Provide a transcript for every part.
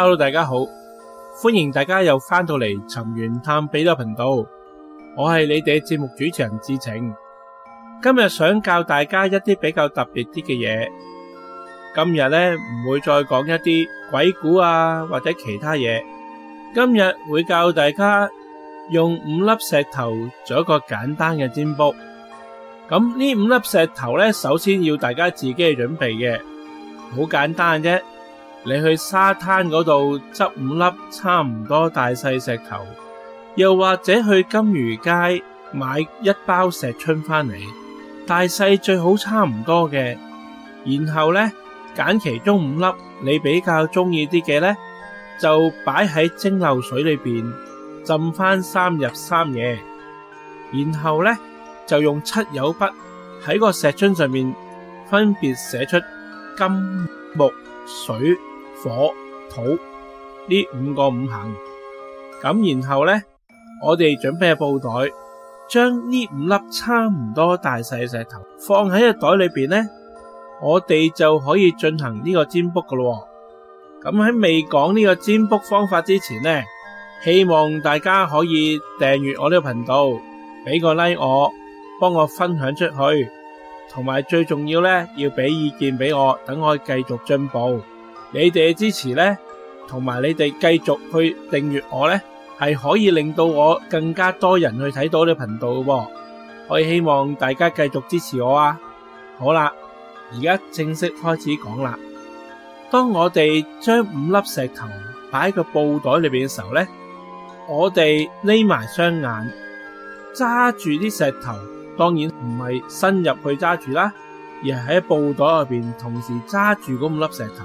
Hello，大家好，歡迎大家又翻到嚟尋源探秘嘅頻道，我係你哋嘅節目主持人智澄。今日想教大家一啲比較特別啲嘅嘢。今日咧唔會再講一啲鬼故啊或者其他嘢，今日會教大家用五粒石頭做一個簡單嘅占卜。咁呢五粒石頭咧，首先要大家自己去準備嘅，好簡單啫。你去沙灘嗰度執五粒差唔多大細石頭，又或者去金魚街買一包石春返嚟，大細最好差唔多嘅。然後呢揀其中五粒你比較中意啲嘅呢，就擺喺蒸餾水裏邊浸返三日三夜。然後呢就用漆油筆喺個石春上面分別寫出金木水，火土呢五個五行咁，然後呢，我哋準備個布袋，將呢五粒差唔多大細嘅石頭放喺個袋裏邊呢，我哋就可以進行呢個占卜噶咯。咁喺未講呢個占卜方法之前呢，希望大家可以訂閱我呢個頻道，俾個 like 我，幫我分享出去，同埋最重要呢，要俾意見俾我，等我繼續進步。你哋嘅支持咧，同埋你哋繼續去訂閱我咧，係可以令到我更加多人去睇到呢個頻道嘅噃。我希望大家繼續支持我啊！好啦，而家正式開始講啦。當我哋將五粒石頭擺喺個布袋裏邊嘅時候咧，我哋匿埋雙眼，揸住啲石頭，當然唔係伸入去揸住啦，而係喺布袋入邊同時揸住嗰五粒石頭。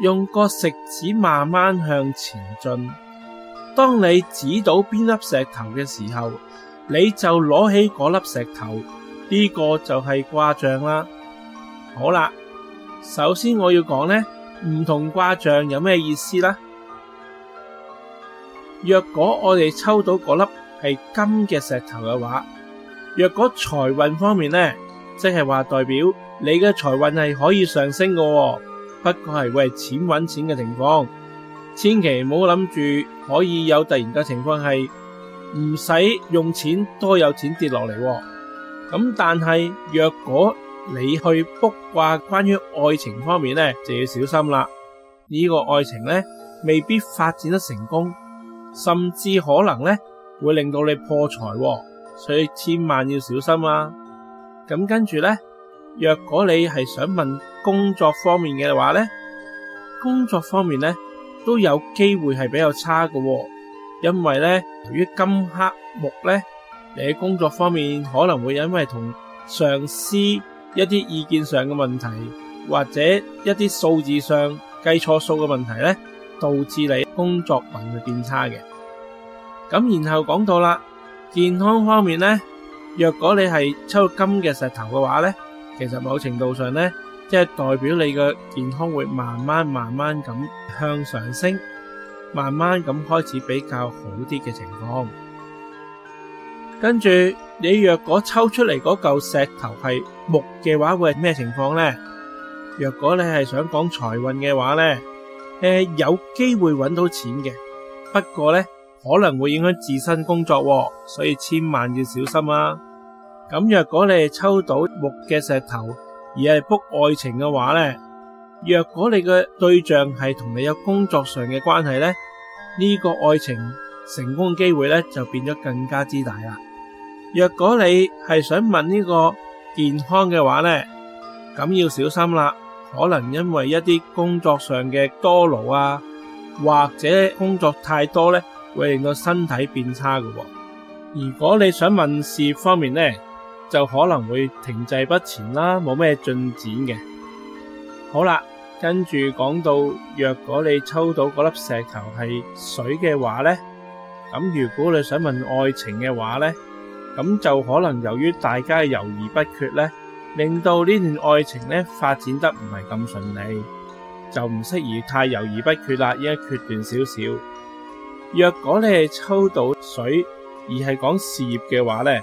用個食指慢慢向前進。當你指到邊粒石頭嘅時候，你就攞起嗰粒石頭，呢個就係卦象啦。好啦，首先我要講呢，唔同卦象有咩意思呢？若果我哋抽到嗰粒係金嘅石頭嘅話，若果財運方面呢，即係話代表你嘅財運係可以上升㗎喎。不過係為錢揾錢嘅情況，千祈唔好諗住可以有突然嘅情況係唔使用錢多有錢跌落嚟。咁但係若果你去卜卦關於愛情方面呢，就要小心啦。呢個愛情呢，未必發展得成功，甚至可能呢會令到你破財，所以千萬要小心啊！咁跟住呢，若果你係想問工作方面嘅話咧，工作方面咧都有機會係比較差嘅，因為咧由於金克木咧，你喺工作方面可能會因為同上司一啲意見上嘅問題，或者一啲數字上計錯數嘅問題咧，導致你工作運會變差嘅。咁然後講到啦，健康方面咧，若果你係抽金嘅石頭嘅話咧。其實某程度上呢，即係代表你嘅健康會慢慢慢慢咁向上升，慢慢咁開始比較好啲嘅情況。跟住你若果抽出嚟嗰嚿石頭係木嘅話，會係咩情況呢？若果你係想講財運嘅話呢，誒，有機會搵到錢嘅，不過呢可能會影響自身工作喎，所以千萬要小心啊！咁若果你係抽到木嘅石頭而係卜愛情嘅話呢？若果你嘅對象係同你有工作上嘅關係呢，呢、呢個愛情成功嘅機會呢，就變咗更加之大啦。若果你係想問呢個健康嘅話呢，咁要小心啦，可能因為一啲工作上嘅多勞啊，或者工作太多呢，會令到身體變差噶、哦。如果你想問事業方面呢。就可能會停滯不前啦，冇咩進展嘅。好啦，跟住講到，若果你抽到嗰粒石頭係水嘅話咧，咁如果你想問愛情嘅話咧，咁就可能由於大家嘅猶豫不決咧，令到呢段愛情咧發展得唔係咁順利，就唔適宜太猶豫不決啦，應該決斷少少。若果你係抽到水而係講事業嘅話咧。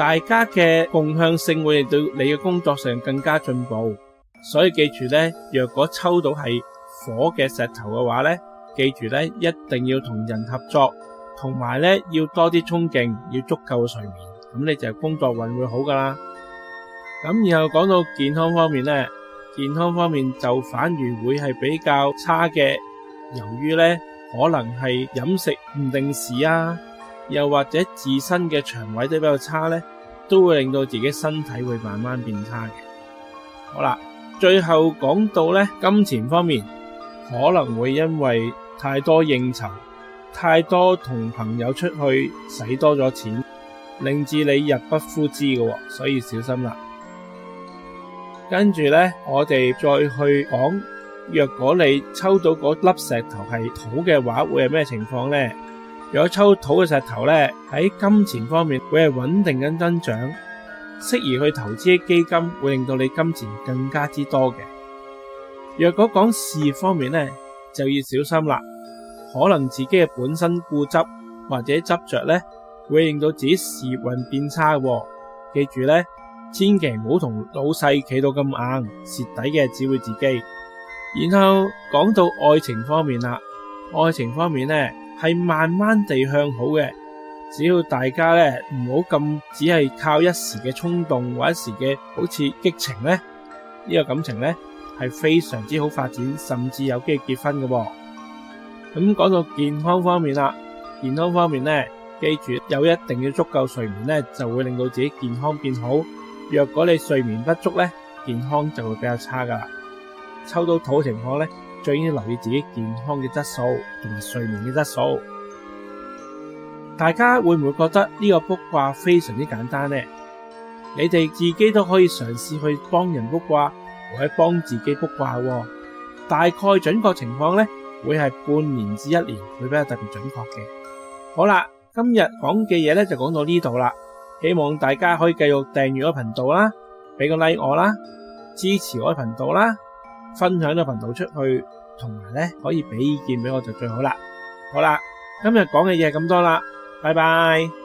大家嘅共向性會對你嘅工作上更加進步，所以記住呢，若果抽到係火嘅石頭嘅話呢，記住呢一定要同人合作，同埋呢要多啲衝勁，要足夠嘅睡眠，咁你就工作運會好㗎喇。咁然後講到健康方面呢，健康方面就反而會係比較差嘅，由於呢可能係飲食唔定時啊，又或者自身嘅腸胃都比較差呢。都會令到自己身體會慢慢變差嘅。好啦，最後講到呢，金錢方面，可能會因為太多應酬、太多同朋友出去使多咗錢，令至你入不敷支嘅，所以小心啦。跟住呢，我哋再去講，若果你抽到嗰粒石頭係土嘅話，會係咩情況呢？如果抽土嘅石頭咧，喺金錢方面會係穩定緊增長，適宜去投資嘅基金，會令到你金錢更加之多嘅。若果講事業方面咧，就要小心啦，可能自己嘅本身固執或者執着咧，會令到自己事業運變差喎。記住咧，千祈唔好同老細企到咁硬，蝕底嘅只會自己。然後講到愛情方面啦，愛情方面咧。係慢慢地向好嘅，只要大家咧唔好咁，只係靠一時嘅衝動或一時嘅好似激情咧，呢、這個感情咧係非常之好發展，甚至有機會結婚噶喎。咁、嗯、講到健康方面啦，健康方面咧，記住有一定嘅足夠睡眠咧，就會令到自己健康變好。若果你睡眠不足咧，健康就會比較差噶喇。抽到土情況咧。最緊要留意自己健康嘅質素同埋睡眠嘅質素。大家會唔會覺得呢個卜卦非常之簡單呢？你哋自己都可以嘗試去幫人卜卦，或者幫自己卜卦喎。大概準確情況呢，會係半年至一年會比較特別準確嘅。好啦，今日講嘅嘢呢就講到呢度啦。希望大家可以繼續訂閱我嘅頻道啦，俾個 like 我啦，支持我嘅頻道啦。分享到頻道出去，同埋呢可以畀意見畀我就最好啦。好啦，今日講嘅嘢咁多啦，拜拜。